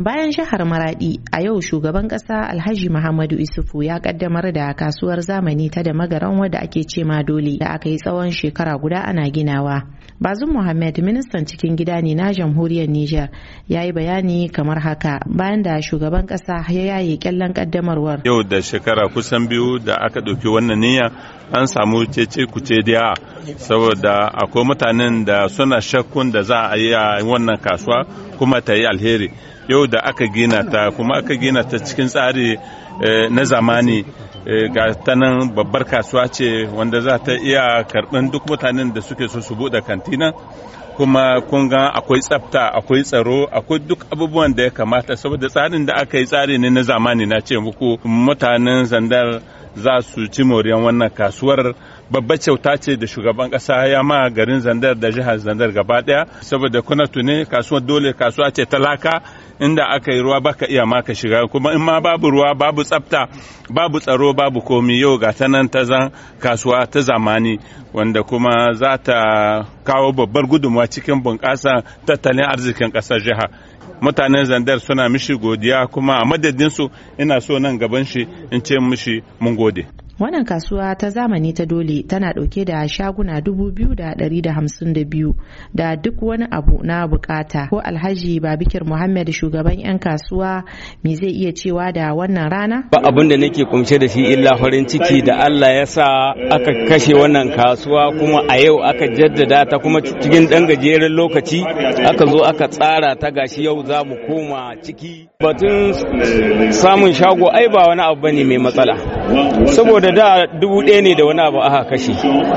Bayan jihar Maradi, a yau shugaban ƙasa Alhaji Muhammadu Isufu ya kaddamar da kasuwar zamani ta da magaran wadda ake ce dole da aka yi tsawon shekara guda ana ginawa. Bazum Muhammad ministan cikin gida ne na jamhuriyar Nijar ya yi bayani kamar haka bayan da shugaban ƙasa ya yaye kyallan kaddamarwar. Yau da shekara kusan biyu da aka ɗauki wannan niyya an samu cece kuce da saboda akwai mutanen da suna shakkun da za a yi wannan kasuwa kuma ta yi alheri. yau da aka gina ta kuma aka gina ta cikin tsari eh, na zamani eh, ga ta nan babbar kasuwa ce wanda za ta iya karɓar duk mutanen da suke so su buɗe kantina kuma kun ga akwai tsafta akwai tsaro akwai duk abubuwan da ya kamata saboda tsarin da aka yi tsari ne na zamani na ce muku mutanen zandar za su ci moriyan wannan kasuwar babba kyauta ce da shugaban kasa ya ma garin zandar da jihar zandar gaba daya saboda kuna tune kasuwar dole kasuwa ce talaka inda aka yi ruwa baka iya ma ka shiga kuma in ma babu ruwa babu tsafta babu tsaro babu komi yau ga ta nan ta zan kasuwa ta zamani wanda kuma za ta kawo babbar gudunmawa cikin bunƙasa tattalin arzikin ƙasar jiha mutanen zandar suna mishi godiya kuma a madadinsu ina so nan gaban shi in ce mishi mun gode wannan kasuwa ta zamani ta dole tana dauke da shaguna dubu biyu da ɗari da hamsin da biyu da duk wani abu na bukata ko alhaji babikir muhammad shugaban 'yan kasuwa me zai iya cewa da wannan rana ba abin da nake kumshe da shi illa farin ciki da allah ya sa aka kashe wannan kasuwa kuma a yau aka jaddada ta kuma cikin ɗan gajeren lokaci aka zo aka tsara ta gashi yau za mu koma ciki batun samun shago ai ba wani abu bane mai matsala saboda da da dubu ɗaya ne da wani abu aka kashe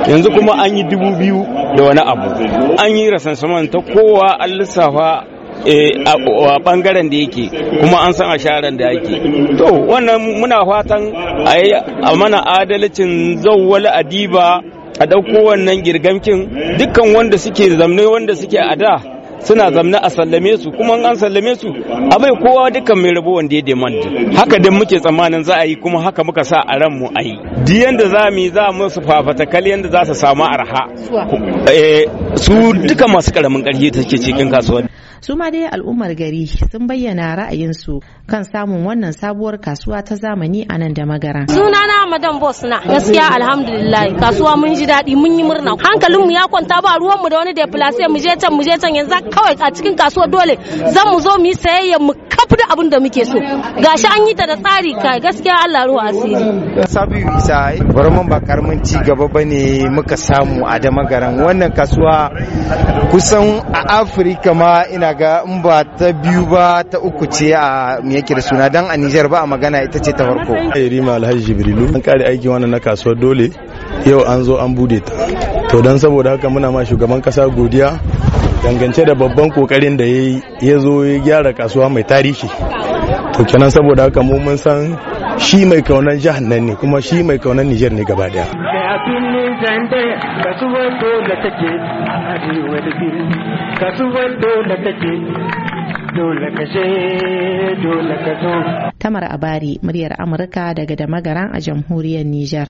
yanzu kuma an yi dubu biyu da wani abu an yi rasansaman ta kowa an lissafa eh, a bangaren da yake kuma an san a sharan da yake to wannan muna fatan a yi a mana adalcin zawwal adiba a ɗauko wannan girgamkin dukkan wanda suke zamne wanda suke a da suna zamna a sallame su kuma an sallame su abai kowa dukkan mai rabo wanda ya demand haka dan muke tsammanin za a yi kuma haka muka sa a ran mu a yi di yanda za mu yi za mu su fafata kal yanda za su samu arha eh, su duka masu karamin karfi take cikin kasuwanci su ma dai al'ummar gari sun bayyana ra'ayinsu kan samun wannan sabuwar kasuwa ta zamani a nan da magara sunana madan boss na gaskiya alhamdulillah kasuwa mun ji daɗi mun yi murna hankalinmu ya kwanta ba ruwan mu da wani de mu je can mu je can yanzu kawai a cikin kasuwa dole zan mu zo mu yi sayayya mu abin da muke so gashi an yi ta da tsari kai gaskiya Allah ruwa asiri sabiu isa barman ba karamin ci gaba bane muka samu a damagaran wannan kasuwa kusan a afirka ma ina ga in ba ta biyu ba ta uku ce a me yake da suna dan a Nijar ba a magana ita ce ta farko Rima Alhaji Jibrilu an kare aiki wannan na kasuwa dole yau an zo an bude ta to don saboda haka muna ma shugaban kasa godiya dangance da babban kokarin da ya zo ya gyara kasuwa mai tarihi to kenan saboda haka mu mun san shi mai kaunan jihar nan ne kuma shi mai kaunan Nijar ne gaba daya dole dole dole dole tamar abari muryar amurka daga Damagaran a jamhuriyar Nijar